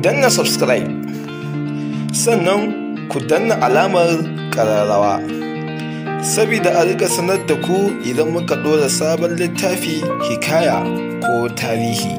danna subscribe sannan ku danna alamar kararrawa saboda a rika sanar da ku idan muka ɗora sabon littafi hikaya ko tarihi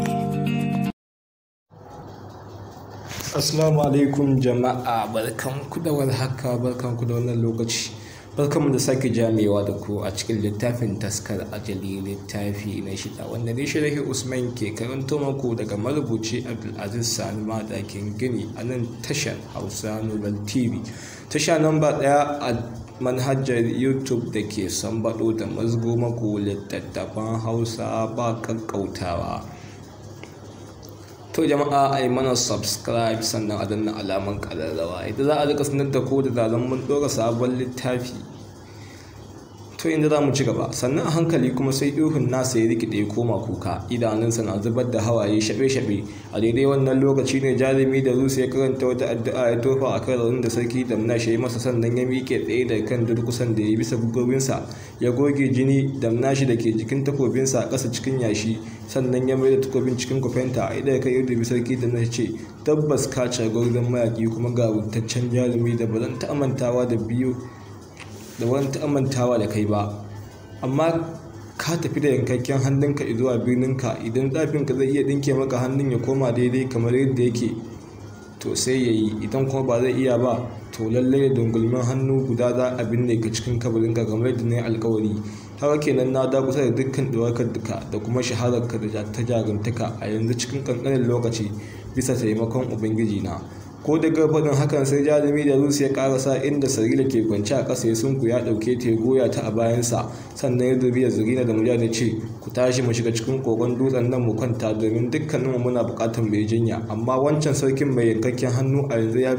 assalamu alaikum jama'a barkan ku da warhaka barkan ku da wannan lokaci barkanmu da sake jamewa da ku a cikin littafin taskar a ajali littafi na shida wanda ne shirahi usman ke karanta maku daga marubuci abdulaziz da kin gini a nan tashar hausa nobel tv tasha namba daya a manhajar youtube da ke baɗo da mazgo maku littattafan hausa ba kakkautawa to jama'a a yi mana subscribe sannan a danna alamar kararrawa idan za a rika sanar da ku da mun ɗora sabon littafi to inda za mu ci gaba sannan a hankali kuma sai ihun nasa ya rikide ya koma kuka idanunsa na zubar da hawaye shabe-shabe a daidai wannan lokaci ne jarumi da rusa ya karanta wata addu'a ya tofa a kan raunin da sarki da ya yi masa sannan ya miƙe tsaye da kan durkusan da ya yi bisa gugobinsa ya goge jini da shi da ke jikin takobinsa a ƙasa cikin yashi sannan ya maida takobin cikin kufenta a idan da yadda sarki da na ce tabbas ka ce gwarzon mayaƙi kuma ga jarumi da ba zan ta da biyu da wani ta'amantawa da kai ba amma ka tafi da yankakken hannunka zuwa birninka idan ka zai iya dinke maka hannun ya koma daidai kamar yadda yake to sai ya yi idan kuma ba zai iya ba to lallai da dungulmin hannu guda za a binne ka cikin kabarinka kamar yadda na yi alkawari haka kenan na da kusa da dukkan ɗaukar duka da kuma shahararka da ta jagantaka a yanzu cikin ƙanƙanin lokaci bisa taimakon ubangiji na ko da faɗin hakan sai jarumi da rus ya karasa inda sarila ke kwance a ƙasa ya sunku ya ɗauke ta ya goya ta a bayansa sannan ya dubi zurina da mujahid ce ku tashi mu shiga cikin kogon dutsen nan mu kwanta domin dukkaninmu muna buƙatar mai jinya amma wancan sarkin mai yankakken hannu a yanzu ya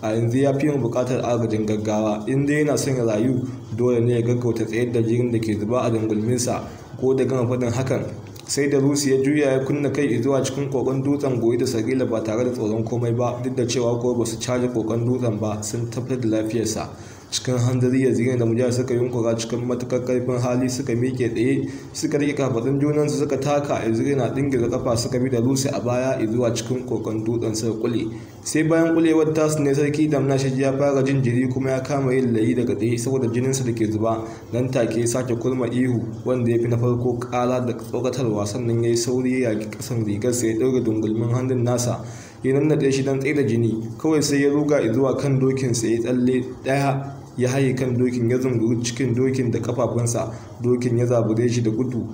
a yanzu ya fi yin buƙatar agajin gaggawa in dai yana son ya rayu dole ne ya gaggauta tsayar da jirin da ke zuba a dangulminsa ko da gama faɗin hakan sai da rusi ya juya ya kunna kai izuwa cikin kokon dutsen goyi da sagila ba tare da tsoron komai ba duk da cewa ko ba su caji kokon dutsen ba sun tafi da lafiyarsa cikin hanzari ya zira da mujahid suka yi yunkura cikin matukar karfin hali suka miƙe tsaye suka rike junan junansu suka taka a zirin na da kafa suka bi da rusa a baya zuwa cikin kokon dutsen sai kule sai bayan kulewar tasu ne sarki da shi ya fara jin jiri kuma ya kama yin layi daga tsaye saboda jininsa da ke zuba nan take ya sake kulma ihu wanda ya fi na farko ƙara da tsokatarwa sannan ya yi sauri ya yaƙi ƙasan rigarsa ya ɗaure dungulmin hannun nasa ya nannaɗe shi don tsaye da jini kawai sai ya ruga zuwa kan dokin dokinsa ya tsalle ɗaya ya haye kan dokin ya zunguri cikin dokin da kafafunsa dokin ya zabure shi da gudu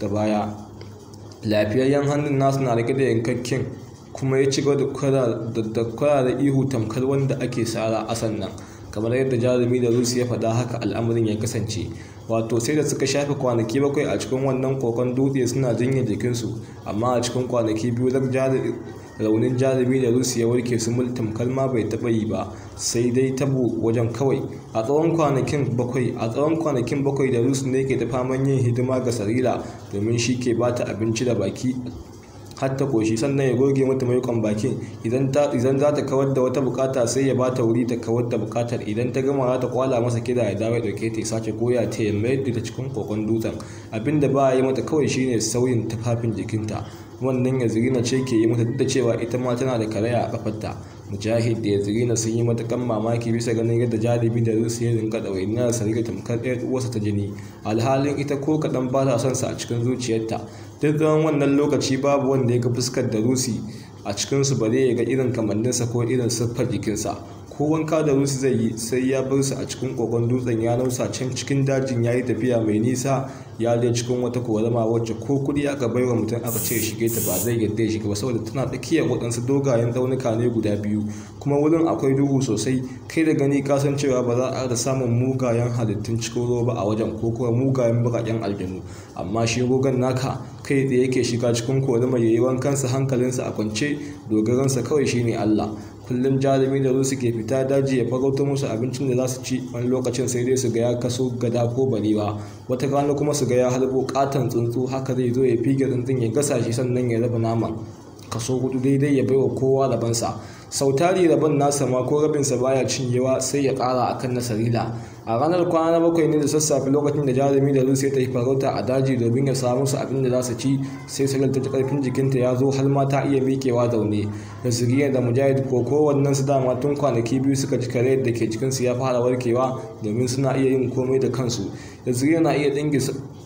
da baya lafiyayyen hannun nasu na rike da yankakken kuma ya ci gaba da kwara da ihu tamkar wanda ake sara a sannan kamar yadda jarumi da rusi ya faɗa haka al'amarin ya kasance wato sai da suka shafe kwanaki bakwai a cikin wannan kokon dutse suna jinya jikinsu amma a cikin kwanaki biyu raunin jarumi da rusu ya warke su mul kalma bai taɓa yi ba sai dai tabo wajen kawai a tsawon kwanakin bakwai a tsawon kwanakin bakwai da rus ne ke tafa faman yin hidima ga sarila domin shi ke bata abinci da baki har koshi sannan ya goge mata mayukan bakin idan za ta kawar da wata bukata sai ya bata wuri ta kawar da bukatar idan ta gama za ta kwala masa kida ya dawo ya dauke ta sace koya ta ya mayar da cikin kokon dutsen abinda ba a yi mata kawai shine sauyin tufafin jikinta wannan ya zirina ce ke yi mata duk da cewa ita ma tana da karaya a kafarta mujahid da ya zirina sun yi matakan mamaki bisa ganin yadda jalibi da rusu ya rinka wani da rike tamkar ɗaya uwarsa ta jini alhalin ita ko kaɗan ba ta son sa a cikin zuciyarta duk tsawon wannan lokaci babu wanda ya ga fuskar da rusi a cikinsu bare ya ga irin kamanninsa ko irin siffar jikinsa ko wanka da rusu zai yi sai ya bar su a cikin kogon dutsen ya nausa can cikin dajin ya yi tafiya mai nisa ya je cikin wata korama wacce ko kuɗi aka bai wa mutum aka ce shige ta ba zai yarda ya shiga ba saboda tana tsakiya waɗansu dogayen tsaunuka ne guda biyu kuma wurin akwai duhu sosai kai da gani ka san cewa ba za a da samun mugayen halittun cikin ruwa ba a wajen ko kuma mugayen baƙaƙen aljanu amma shi gogon naka kai da yake shiga cikin korama ya yi wankansa hankalinsa a kwance dogaransa kawai shine Allah kullum jarumi da rusu ke fita daji ya farauto musu abincin da za su ci wani lokacin sai dai su gaya kaso gada ko barewa wata rana kuma su gaya ya harbo katon tsuntsu haka zai zo ya fige tsuntsun ya gasa shi sannan ya raba naman kaso hudu daidai ya baiwa kowa rabansa sautari rabin nasa ma ko rabinsa baya cinyewa sai ya kara ƙara akan nasarila a ranar kwana bakwai ne da sassafe lokacin da jarumi da rusa ta yi farauta a daji domin ya samu su abin da za su ci sai sagal ta karfin jikinta ya zo har ma ta iya miƙewa zaune da zuriyar da mujahid ko kowannen su dama tun kwanaki biyu suka ji kare da ke cikinsu ya fara warkewa domin suna iya yin komai da kansu yazir na iya dinga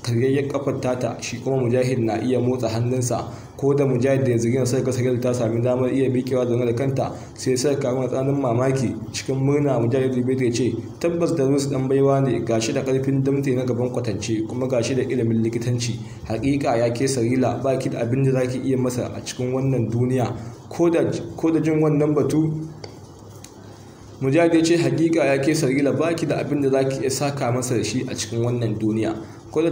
karyayyar kafar tata shi kuma mujahid na iya motsa hannunsa ko da mujahid da yazir sai ka sagil ta sami damar iya mikewa zaune da kanta sai sai ka kuma tsanin mamaki cikin murna mujahid da ya ce tabbas da rus dan baiwa ne gashi da karfin damte na gaban kwatance kuma gashi da ilimin likitanci hakika ya ke sarila ki da abin da zaki iya masa a cikin wannan duniya ko da jin wannan batu mujahid ya ce hakika ya ke sarila baki da abin da zaki iya saka masa da shi a cikin wannan duniya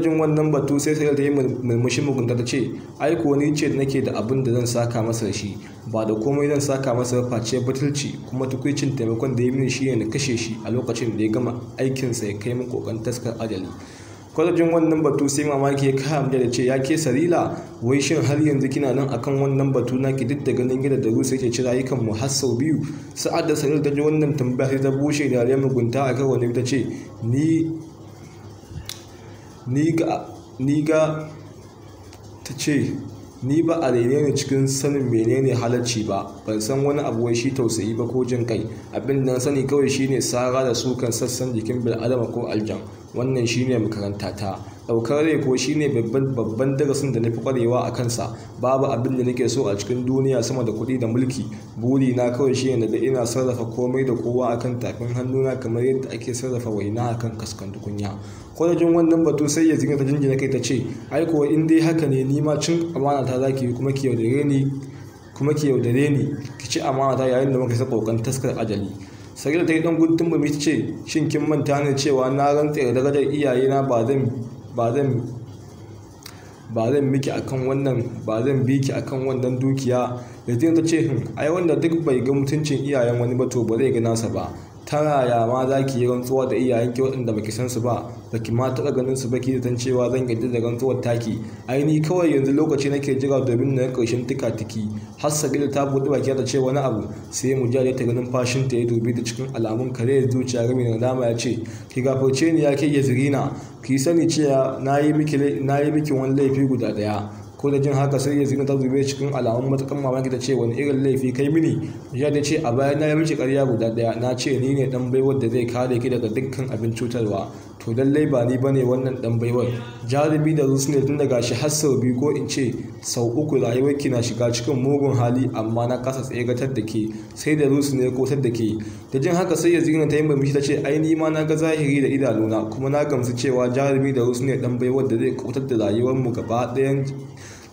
jin wannan batu sai sai ta yi murmushin mugunta ta ce ai ko ni ce nake da abin da zan saka masa da shi ba da komai zan saka masa face batulci kuma tukwicin taimakon da ya mini shi ne na kashe shi a lokacin da ya gama aikinsa ya kai min kokon taskar ajali kwalajin wannan batu sai mamaki ya kai hamda da ce ya ke sarila wai shin har yanzu kina nan akan wannan batu na ki duk da ganin gida da rusa yake ci rayukan mu har sau biyu sa'ad da sarila ta ji wannan tambaya sai ta bushe da ya mugunta a kan wani ta ce ni ga ta ce ni ba a rene ni cikin sanin menene halarci ba ban san wani abu wai shi tausayi ba ko jin kai abin da sani kawai shine sara da sukan sassan jikin bil'adama ko aljan wannan shine makaranta ta daukar rai ko shine babban darasin da na fi kwarewa a kansa babu abin da nake so a cikin duniya sama da kuɗi da mulki buri na kawai shi ne da ina sarrafa komai da kowa a kan tafin hannuna kamar yadda ake sarrafa waina kan kaskan tukunya kwalajin wannan batu sai ya jingata jinjina kai ta ce ai kuwa in dai haka ne ni ma cin amana ta ki yi kuma ki yaudare ni kuma ki ci amana yayin da muka sa kokan taskar ajali sarki da ta yi ɗan guntun ba mai ce shin kin manta ne cewa na rantse da darajar iyayena ba zan ba zan miki akan wannan ba zan bi ki akan wannan dukiya zai ta ce hin hmm, ai wanda duk bai ga mutuncin iyayen wani ba to ba zai ga nasa ba ta yaya ma za ki yi rantsuwa da iyayenki waɗanda baki san su ba baki ma taɓa ganin su ba ki zaton cewa zan gaji da rantsuwar taki aini kawai yanzu lokaci nake jira domin na ƙarshen tika tiki har sabila ta buɗe baki ta cewa wani abu sai mu ta ganin fashin ta ya dubi da cikin alamun kare zuciya rami na dama ya ce ki gafarce ni ya ke yazirina ki sani cewa na yi miki wani laifi guda ɗaya ko da jin haka sai zina ta zube cikin alamun matakan mamaki ta ce wani irin laifi kai mini ya ta ce a bayan na yi miki karya guda daya na ce ni ne ɗan baiwar da zai kare ki daga dukkan abin cutarwa to lallai ba ni bane wannan ɗan baiwar jarumi da ne tun daga shi har sau biyu ko in ce sau uku rayuwar ki na shiga cikin mugun hali amma na kasa tar da ke sai da rusne ko tar da ke da jin haka sai ya zina ta yi murmushi ta ce ai ni ma na ga zahiri da idanuna kuma na gamsu cewa jarumi da rusu ɗan baiwar da zai kautar da rayuwarmu gaba ɗayan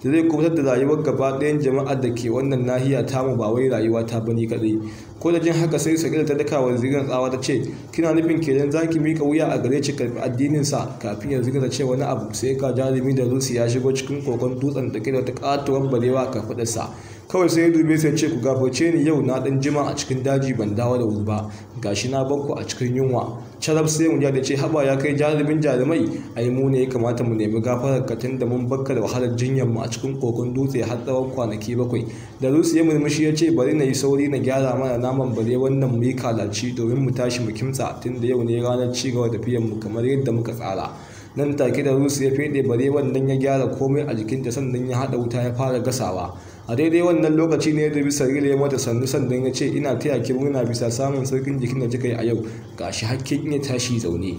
da zai kuma da rayuwar gaba ɗayan jama'ar da ke wannan nahiya tamu ba wai rayuwa ta bane kaɗai ko da jin haka sai sakila ta daka wani tsawa ta ce kina nufin kenan za ki mika wuya a gare ci karfi addinin sa kafin ya ta ce wani abu sai ka jarumi da rusi ya shigo cikin kokon dutsen da kai ta katuwar balewa ka faɗa sa kawai sai ya dube sai ce ku gafarce ni yau na dan jima a cikin daji ban dawo da wuri ba gashi na banku a cikin yunwa sharaf sai mu da ce haba ya kai jarumin jarumai yi mu ne ya kamata mu nemi gafarar katin da mun bakka da wahalar jinyar mu a cikin kogon dutse har tsawon kwanaki bakwai da rusu ya murmushi ya ce bari na yi sauri na gyara mana naman bare wannan mu yi kalaci domin mu tashi mu kimtsa tun da yau ne ranar cigaba da fiyan mu kamar yadda muka tsara nan take da rusu ya fede bare wannan ya gyara komai a jikinta sannan ya haɗa wuta ya fara gasawa a daidai wannan lokaci ne da bisa ya mata sannu sandan ya ce ina taya ki murna bisa samun sarkin jikin da kika yi a yau ga shi hakkin iya tashi zaune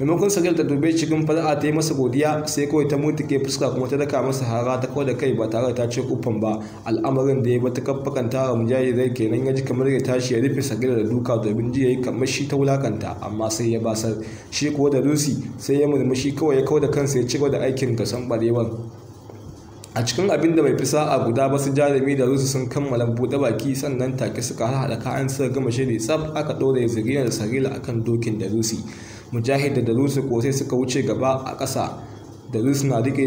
maimakon sagil ta dube cikin fara'a ta yi masa godiya sai kawai ta mutu ke fuska kuma ta daka masa hara ta kawai da kai ba tare ta ce kufan ba al'amarin da ya bata kafakan tara zai kenan ya ji kamar ya tashi ya rufe sagil da duka domin ji ya yi kamar shi ta wulakanta amma sai ya basar shi kuwa da rusi sai ya murmushi kawai ya kawai da kansa ya ci da aikin gasan barewar a cikin abin da bai fi sa'a guda ba su jarumi da rusu sun kammala buɗe baki sannan take suka haɗa kayan suka gama shiri tsaf aka ɗora ya zirgin da sarila akan dokin da rusi mujahid da darusu ko sai suka wuce gaba a ƙasa darusi na rike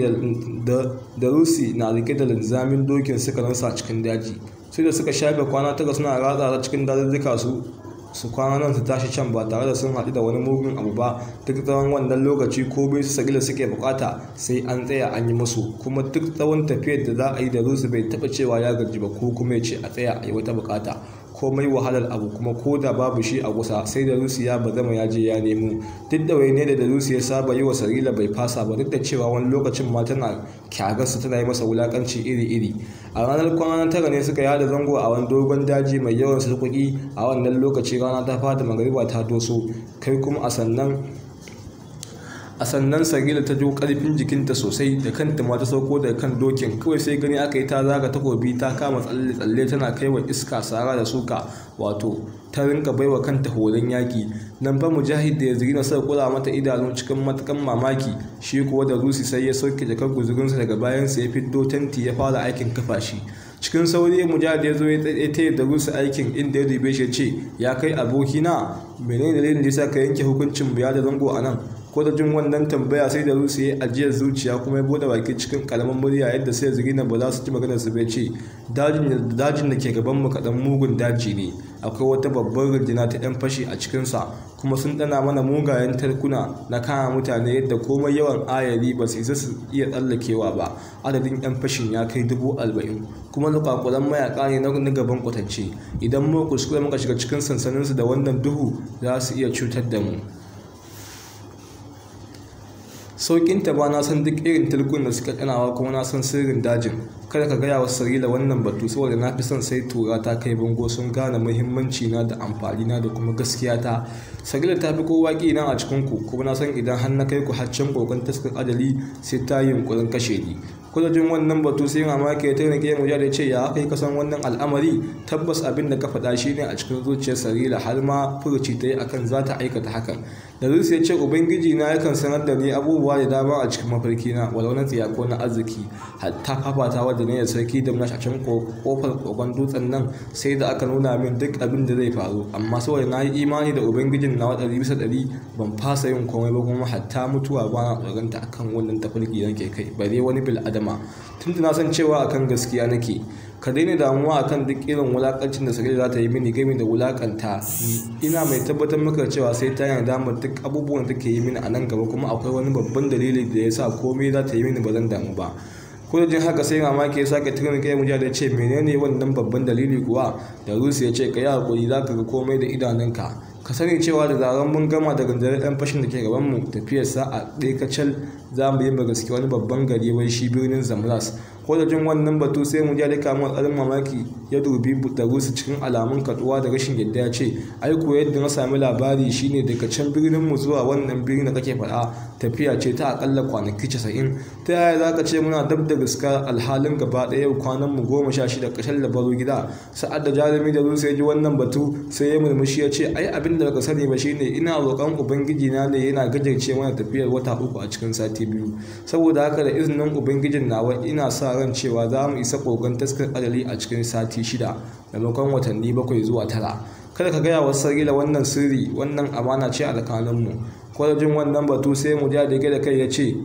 na rike da linzamin dokin suka rasa cikin daji sai da suka shafe kwana tara suna ratsa cikin dazuzzuka su su kwana nan su tashi can ba tare da sun haɗu da wani mugun abu ba duk tsawon wannan lokaci ko bai su sagila suke bukata sai an tsaya an yi musu kuma duk tsawon tafiyar da za a yi da rusu bai taɓa cewa ya gaji ba ko kuma ya ce a tsaya a yi wata bukata komai wahalar abu kuma ko da babu shi a kusa sai da rusiya ba zama ya je ya nemo duk da wai ne da rusiya ya saba yi wa sarila bai fasa ba duk da cewa wani lokacin ma tana kyagarsa tana yi masa wulakanci iri-iri a ranar kwana tara ne suka yada zango a wani dogon daji mai yawan sarkuki a wannan lokaci rana ta fata magariba ta doso kai kuma a sannan a sannan sagila ta jo karfin jikinta sosai da kanta ma ta sauko daga kan dokin kawai sai gani aka yi ta zaga takobi ta kama tsalle-tsalle tana kai wa iska sara da suka wato ta rinka baiwa kanta horon yaki nan mu mujahid da ya na sai kula mata idanu cikin matakan mamaki shi kuwa da rusi sai ya sauke jakar sa daga bayan sa ya fito tanti ya fara aikin kafa cikin sauri mujahid ya zo ya taya da rusi aikin inda ya dube shi ya ce ya kai abokina menene dalilin da yasa ka yanke hukuncin biya da zango a nan ko wannan tambaya sai da rusu ya ajiyar zuciya kuma ya bude baki cikin kalaman murya yadda sai na ba za su ci magana su bai ce dajin da ke gaban mu kaɗan mugun daji ne akwai wata babbar rundunar ta yan fashi a cikinsa kuma sun ɗana mana mugayen tarkuna na kama mutane yadda komai yawan ayari ba su isa su iya tsallakewa ba adadin yan fashin ya kai dubu arba'in kuma lukakulan mayaka ne na gaban kwatance idan mu kuskure muka shiga cikin sansaninsu da wannan duhu za su iya cutar da mu saukin ta ba na san duk irin tilkun da suka kanawa kuma na san sirrin dajin kada ka gaya wa sarila wannan batu saboda na fi son sai tura ta kai bango sun gane muhimmanci na da amfani na da kuma gaskiya ta sarila ta fi kowa ƙi na a cikin ku kuma na san idan har na kai ku har can kokon taskar adali sai ta yi yunkurin kashe ni jin wannan batu sai mamaki ya taimake ya mujar da ce ya kai ka san wannan al'amari tabbas abin da ka faɗa ne a cikin zuciyar sarila har ma furuci ta yi akan za ta aikata hakan Darus ya ce Ubangiji na yakan sanar da ni abubuwa da dama a cikin mafarki na walau na tsiya ko na arziki hatta fafata wadda ne da sarki da mulash a can kofar kogon dutsen nan sai da aka nuna min duk abin da zai faru amma saboda na yi imani da Ubangijin na ɗari bisa ɗari ban fasa yin komai ba kuma hatta mutuwa ba na tsoronta akan wannan tafarki yanke kai bare wani bil adama tun da na san cewa akan gaskiya nake ka daina damuwa akan duk irin wulakancin da sakila za ta yi mini game da wulakanta ina mai tabbatar maka cewa sai ta yana damar duk abubuwan da ke yi mini a nan gaba kuma akwai wani babban dalili da ya sa komai za ta yi mini ba zan damu ba ko da jin haka sai mamaki ya sake tunanin kai mu da ce menene wannan babban dalili kuwa da rusu ya ce ka yi hakuri za ka ga komai da idanunka ka sani cewa da zaren mun gama da gandare dan fashin da ke gaban mu tafiyar sa a ɗaya kacal za mu yi gaske wani babban gari wai shi birnin zamlas? ko da jin wannan batu sai mu ja da kamar tsarin mamaki ya dubi Butarus cikin alamun kaduwa da rashin yadda ya ce ai ko yadda na sami labari shine daga can birnin mu zuwa wannan birnin da kake faɗa tafiya ce ta akalla kwanaki casa'in ta yaya za ka ce muna dab da gaskar alhalin gaba ɗaya kwanan mu goma sha shida ƙarshen gida sa'ad da jarumi da rusa ya ji wannan batu sai ya murmushi ya ce ai abin da ka sani ba shine ina roƙon ubangiji na ne yana gajarce mana tafiyar wata uku a cikin sati biyu saboda haka da izinin ubangijin nawa ina sa ran cewa za mu isa kogon taskar adali a cikin sati sati shida maimakon watanni bakwai zuwa tara kada ka gaya wa sarila wannan sirri wannan amana ce a tsakaninmu kwarajin wannan batu sai mu ja da kai ya ce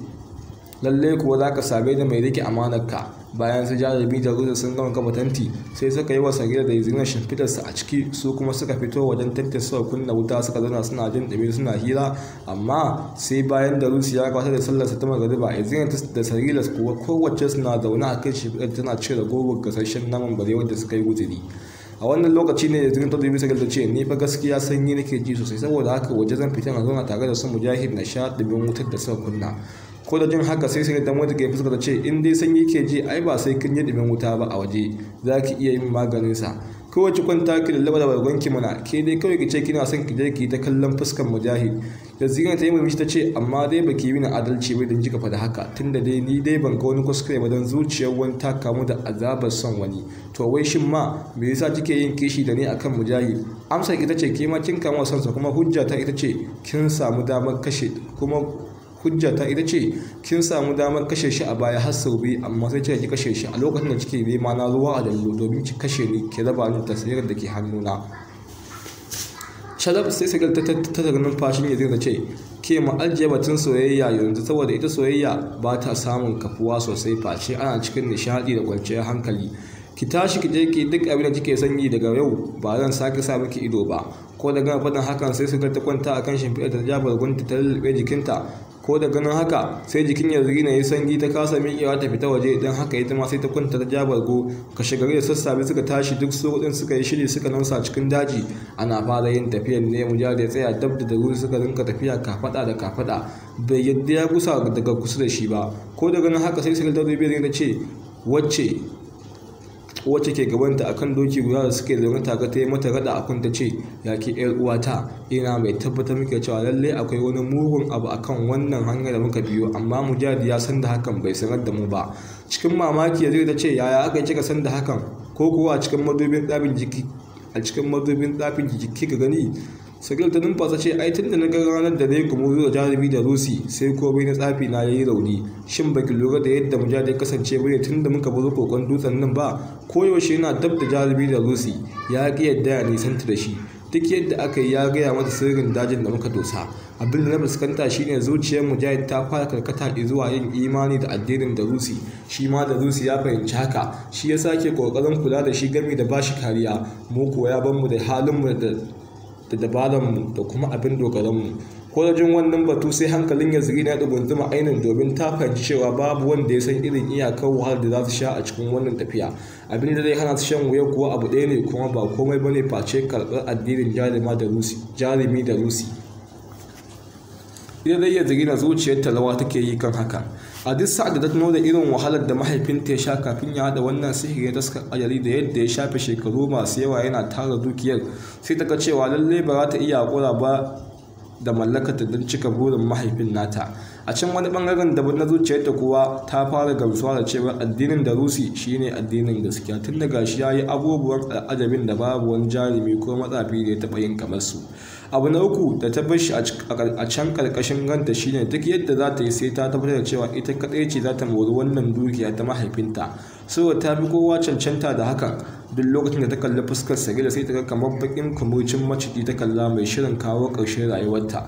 lalle kuwa za ka same da mai rike amanarka bayan su jarumi da rusa sun gama kafa tanti sai suka yi wa sagira da izinin su a ciki su kuma suka fito wajen tantin suka kunna wuta suka zauna suna jin ɗumi suna hira amma sai bayan da rusi ya kawata da sallarsa ta magariba izinin da sarila kuwa kowace suna zaune a kan shimfidar tana cire gobe gasashen naman bare wanda suka yi guziri a wannan lokaci ne da ta dubi sagal ta ce ni fa gaskiya sanyi nake ji sosai saboda haka waje zan fita na zauna tare da su mujahid na sha dubin wutar da suka kunna ko da jin haka sai sai dan wata ke fuska ta ce in dai sanyi ke ji ai ba sai kin yi dimin wuta ba a waje za ki iya yin maganin sa kowace kwanta ki lallaba da bargon ki mana ke dai kawai ki ce kina son ki je ki ta kallon fuskar mujahid da zina ta yi murmushi ta ce amma dai baki mini adalci bai dan jika faɗa haka tunda dai ni dai ban ga wani kuskure ba dan zuciyar wani ta kamu da azabar son wani to wai shin ma me yasa kike yin kishi da ni akan mujahid amsa ita ce ke ma kin kamu son sa kuma hujja ta ita ce kin samu damar kashe kuma hujja ta ita ce kin samu damar kashe shi a baya har sau biyu amma sai kika ki kashe shi a lokacin da kike nema na ruwa a dallo domin ki kashe ni ki raba ni sayar da ke hannuna sharaf sai sigar ta tattara numfashin ya zira ce ke ma'ajiya batun soyayya yanzu saboda ita soyayya ba ta samun kafuwa sosai face ana cikin nishadi da kwanciyar hankali ki tashi ki je ki duk abin da kike sanyi daga yau ba zan sake sa miki ido ba ko da gama faɗin hakan sai su ta kwanta a kan shimfiɗar ta jabar gunta ta lalbe jikinta ko da ganin haka sai jikin na yi sanyi ta kasa miƙewa ta fita waje don haka ita ma sai ta kwanta ta jabar go kashe gari da sassafe suka tashi duk su hudun suka yi shiri suka nausa cikin daji ana fara yin tafiyar ne mu jari ya tsaya dab da wuri suka rinka tafiya kafada da kafada bai yadda ya gusa daga kusa da shi ba ko da ganin haka sai sakandar bai ta ce wacce wacce ke gabanta akan doki guda da suke zaune taka ta yi mata rada a kunta ce ya ke yar uwata ina mai tabbatar muke cewa lallai akwai wani mugun abu a kan wannan hanyar da muka biyo amma mujahid ya san da hakan bai sanar da mu ba cikin mamaki ya zai ta ce yaya aka yi kika san da hakan ko kuwa a cikin madubin tsafin jiki a cikin madubin tsafin jiki ka gani sakil ta numfasa ce ai tun da na ga ranar da ne yi gumuru da jarumi da rusi sai komai na tsafi na yayi rauni shin baki lura da yadda mu ya kasance bane tun da muka buru kokon dutsen nan ba koyaushe yana dab da jarumi da rusi ya ki yadda ya nisanta da shi duk yadda aka yi ya gaya mata sirrin dajin da muka dosa abin da na fuskanta shine zuciyar mu mujahid ta fara karkata zuwa yin imani da addinin da rusi shi ma da rusi ya fahimci haka shi ya sake kokarin kula da shi gami da bashi kariya mu kuwa ya ban da halin mu da da mu da kuma abin dogaranmu kwarajin wannan batu sai hankalin ya da na dugunzuma ainihin domin ta fahimci cewa babu wanda ya san irin iyakar wahalar da za su sha a cikin wannan tafiya abin da zai hana su shan wuya kuwa abu ɗaya ne kuma ba komai ne face karɓar addinin jarumi da rusi idan ya na zuciyar talawa take yi kan haka a duk sa'ad da ta nuna irin wahalar da mahaifinta ya sha kafin ya hada wannan sihiri ta suka ajali da yadda ya shafe shekaru masu yawa yana tara dukiyar sai ta ga cewa lallai ba za ta iya hakura ba da mallakata don cika burin mahaifin nata a can wani bangaren da na ta kuwa ta fara gamsuwa da cewa addinin da rusi shine addinin gaskiya tun daga shi ya yi abubuwan al'adabin da babu wani jarumi ko matsafi da ya taɓa yin kamar su abu na uku da ta bashi a can karkashin ganta shine duk yadda za ta yi sai ta tabbatar da cewa ita kadai ce za ta mori wannan dukiya ta mahaifinta saboda ta fi kowa cancanta da hakan duk lokacin da ta kalli fuskar gida sai ta kakka kamar bakin kumurcin maciji ta kalla mai shirin kawo ƙarshen rayuwarta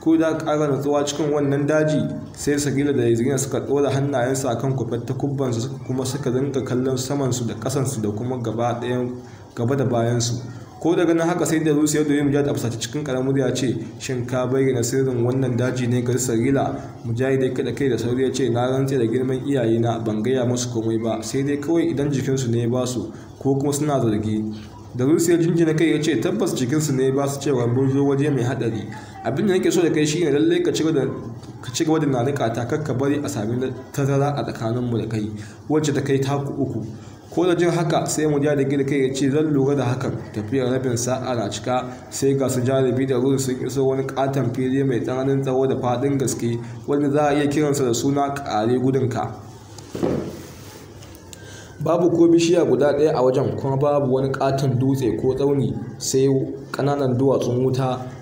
ko da ƙara nutsuwa cikin wannan daji sai sagila da yazgina suka ɗora hannayensu kan kufar ta kubbansu kuma suka dinga kallon samansu da ƙasansu da kuma gaba da bayansu ko daga nan haka sai da rusiya domin mujahid absata cikin karamar ya ce shin ka bayyana sirrin wannan daji ne ga sarila mujahid ya kada kai da sauri ya ce na rantse da girman iyayena ban gaya musu komai ba sai dai kawai idan jikinsu ne ba su ko kuma suna zargi da rusiya jinjina kai ya ce tabbas jikinsu ne ba su cewa mun zo waje mai hadari abin da nake so da kai shi ne lallai ka ci gaba da nanika ta kakka bari a sami tazara a tsakaninmu da kai wacce ta kai taku uku ko da jin haka sai mu ja da gida kai ya ce zan lura da hakan tafiyar rabin sa'a na cika sai ga su jarabi da ruru sun iso wani katon fili mai tsananin tsawo da faɗin gaske wanda za a iya kiransa da suna kare gudunka babu ko bishiya guda ɗaya a wajen kuma babu wani katon dutse ko tsauni sai ƙananan duwatsun wuta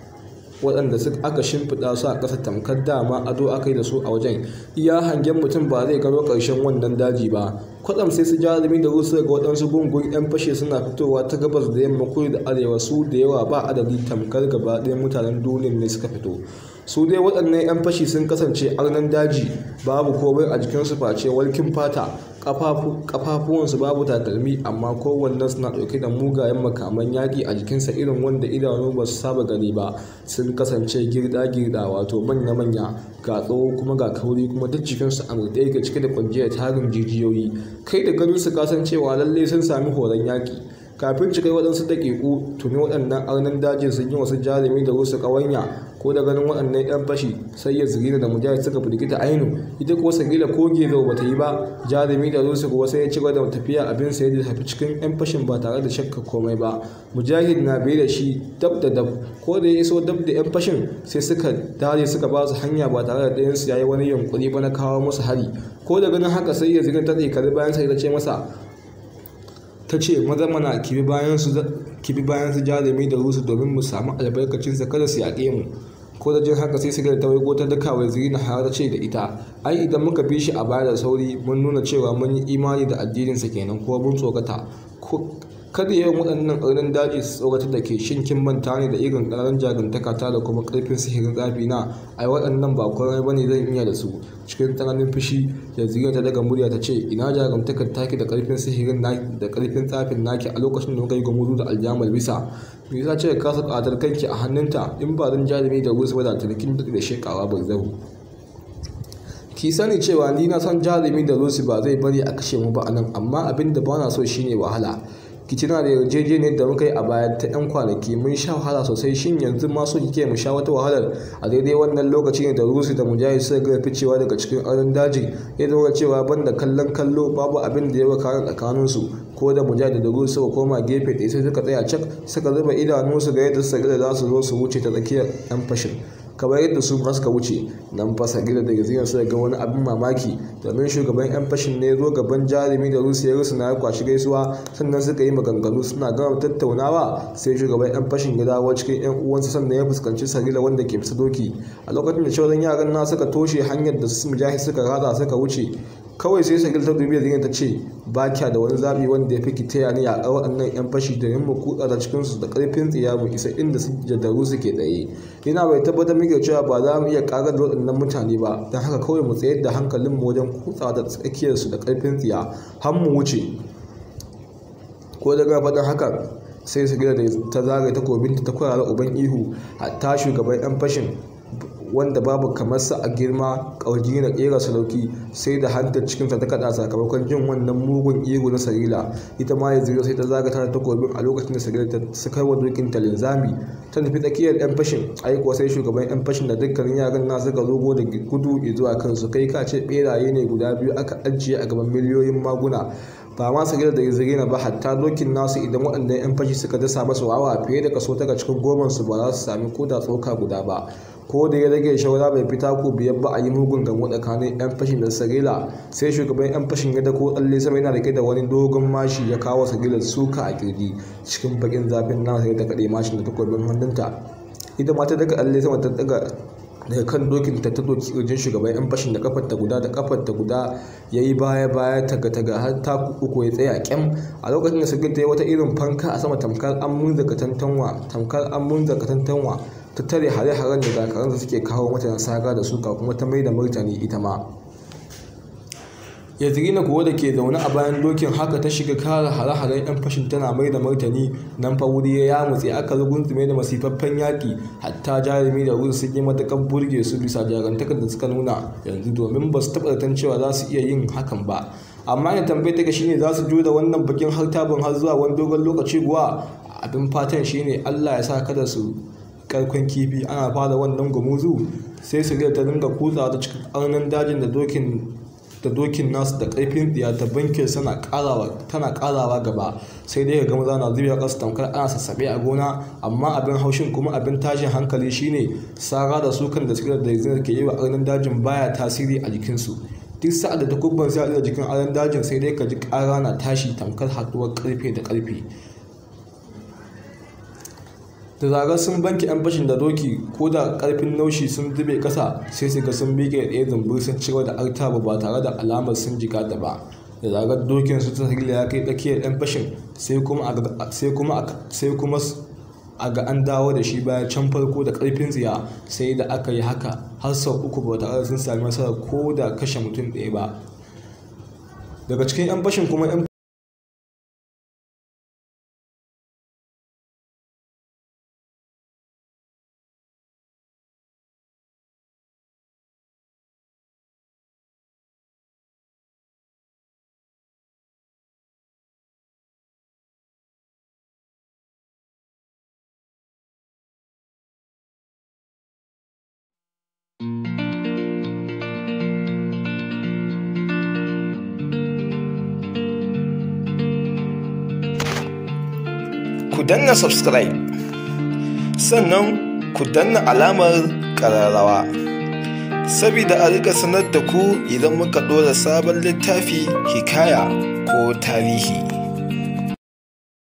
waɗanda aka shimfiɗa su a ƙasa tamkar dama ado aka yi da su a wajen iya hangen mutum ba zai gano ƙarshen wannan daji ba kwatsam sai su jarumi da rusa ga waɗansu gungun 'yan fashe suna fitowa ta gabas da yamma kudu da arewa su da yawa ba adadi tamkar gaba ɗaya mutanen duniyar ne suka fito su dai waɗannan 'yan fashi sun kasance arnan daji babu komai a jikinsu face walkin fata ƙafafuwansu babu takalmi amma kowanne suna dauke da mugayen makaman yaƙi a jikinsa irin wanda idanu ba su saba gani ba sun kasance girda-girda wato manya-manya ga tsawo kuma ga kauri kuma duk jikinsu a murɗe yake cike da kwanciyar tarin jijiyoyi kai da gani su cewa lallai sun sami horon yaƙi kafin cikai waɗansu daƙiƙu tuni waɗannan arnin dajin sun yi wasu jarumi da wasu ƙawanya ko da ganin waɗannan 'yan fashi sai ya zirina da mujahid suka firgita ainu ita kuwa sangila ko gezo ba ta yi ba jarumi da zuwa kuwa sai ya ci da tafiya abin sai da tafi cikin 'yan fashin ba tare da shakka komai ba mujahid na bai da shi dab da dab ko da ya iso dab da 'yan fashin sai suka dare suka ba su hanya ba tare da ɗayansu ya yi wani yunkuri ba na kawo musu hari ko da ganin haka sai ya zirina ta tsikari bayan sai ta ce masa ta ce maza mana kibi bayan su jarumi da rusu domin mu samu albarkacinsa kada su yaƙe mu ko da jin haka sai sigar ta waigo ta duka wa na har ce da ita ai idan muka bi shi a baya da sauri mun nuna cewa mun yi imani da addinin sa kenan ko mun tsokata kada yawan waɗannan ƙarnin daji su tsoratar da ke kin manta ne da irin ƙararin jagantaka ta da kuma ƙarfin sihirin zafi na ai waɗannan ba ba ne zan iya da su cikin tsananin fushi yanzu ta daga murya ta ce ina jagantakar taki da ƙarfin sihirin da ƙarfin tsafin naki a lokacin da muka yi da aljamal bisa me yasa ce ka saka atar kanki a hannunta in ba zan jarumi da wusa ba da tarkin da shekawa ban zau ki sani cewa ni na san jarumi da rusi ba zai bari a kashe mu ba a nan amma abin da ba na so shine wahala kicina tuna da yarjejeniyar da muka yi a baya ta 'yan kwanaki mun sha wahala sosai shin yanzu ma so kike mu sha wata wahalar a daidai wannan lokaci ne da rusi da mujahid suka ga ficewa daga cikin aron daji ya zama cewa banda kallon kallo babu abin da ya kara tsakanin su ko da mujahid da rusi suka koma gefe da sai suka tsaya cak suka zuba idanu su ga yadda suka ga za su zo su wuce ta tsakiyar 'yan fashin kamar yadda su ma suka wuce nan fasa gida daga zinar su daga wani abin mamaki domin shugaban yan fashin ne zo gaban jarumi da rusu ya rusu na kwashi gaisuwa sannan suka yi maganganu suna gama tattaunawa sai shugaban yan fashin ya dawo cikin yan uwansa sannan ya fuskanci sarila wanda ke fisa doki a lokacin da shawarar yaran na suka toshe hanyar da su mujahid suka rada suka wuce kawai sai sakil ta dubi yarinyar ta ce ba kya da wani zaɓi wanda ya fi ki taya ni a waɗannan 'yan fashi domin mu kutsa da cikinsu da ƙarfin tsiya mu isa inda su jadaru suke tsaye yana bai tabbatar muke cewa ba za mu iya ƙara da waɗannan mutane ba don haka kawai mu tsayar da hankalin mu wajen kutsa da su da ƙarfin tsiya har mu wuce ko daga faɗin haka sai da ta zagaye takobinta ta da uban ihu hatta shugaban 'yan fashin wanda babu kamar sa a girma ƙaurji na ƙera sarauki sai da hantar cikinsa ta kaɗa sakamakon jin wannan mugun ego na sarila ita ma yanzu sai ta zagata da takobin a lokacin da sarila ta sakar wa dokin ta linzami ta nufi tsakiyar yan fashin aiko sai shugaban yan fashin da dukkanin yaran na suka zogo da gudu zuwa kansu kai ka ce ɓeraye ne guda biyu aka ajiye a gaban miliyoyin maguna ba ma su da zirgina ba hatta dokin nasu idan waɗannan 'yan fashi suka dasa masu wawa fiye da kaso taka cikin goman su ba za su sami da tsoka guda ba ko da ya rage shawara mai fita ko biyar ba a yi mugun wani tsakanin yan fashin da sarila sai shugaban yan fashin ya dako tsalle sama yana rike da wani dogon mashi ya kawo sarila suka a kirji cikin bakin zafin na sai ta kade mashin da takobin hannunta ita ma ta daga tsalle sama ta daga daga kan dokin ta doki kirjin shugaban yan fashin da kafar ta guda da kafar ta guda ya yi baya baya taga taga har ta uku ya tsaya kyam a lokacin da sagir ta yi wata irin fanka a sama tamkar an munza katantanwa tamkar an ta tare hare-haren da da suke kawo mata na saga da su kuma ta mai da martani ita ma yadrina kuwa da ke zaune a bayan dokin haka ta shiga kara hare-haren 'yan fashin tana mai da martani nan fa wuri ya mutse aka tsime da masifaffen yaki hatta jarumi da wuri sun yi matakan burge su bisa jarantakar da suka nuna yanzu domin ba su taɓa cewa za su iya yin hakan ba amma ya tambaye ta shine za su jure wannan bakin har tabin har zuwa wani dogon lokaci guwa abin fatan shine allah ya sa kada su karkon kifi ana fara wannan gumuzu sai su ta dinga kusa ta cikin dajin da dokin da dokin nasu da karfin ya ta bankin tana karawa gaba sai dai ga maza na zubewa kasu tamkar ana sassabe a gona amma abin haushin kuma abin tashin hankali shine sara da sukan da suke da yanzu ke yi wa ƙarnin dajin baya tasiri a jikinsu duk sa'ad da kubban sai a jikin aron dajin sai dai ka ji kara na tashi tamkar haɗuwar karfe da karfe da zarar sun banki 'yan fashin da doki ko da karfin naushi sun zube kasa sai su ga sun da ɗaya zumbur sun cewa da artaba ba tare da alamar sun jika da ba da zarar dokin su ta hirla ya kai tsakiyar 'yan fashin sai kuma a ga an dawo da shi bayan can farko da karfin tsiya sai da aka yi haka har sau uku ba tare da sun sami nasara ko da kashe mutum ɗaya ba daga cikin 'yan fashin kuma 'yan Ku danna subscribe sannan ku danna alamar ƙararrawa saboda a rika sanar da ku idan muka ɗora sabon littafi hikaya ko tarihi.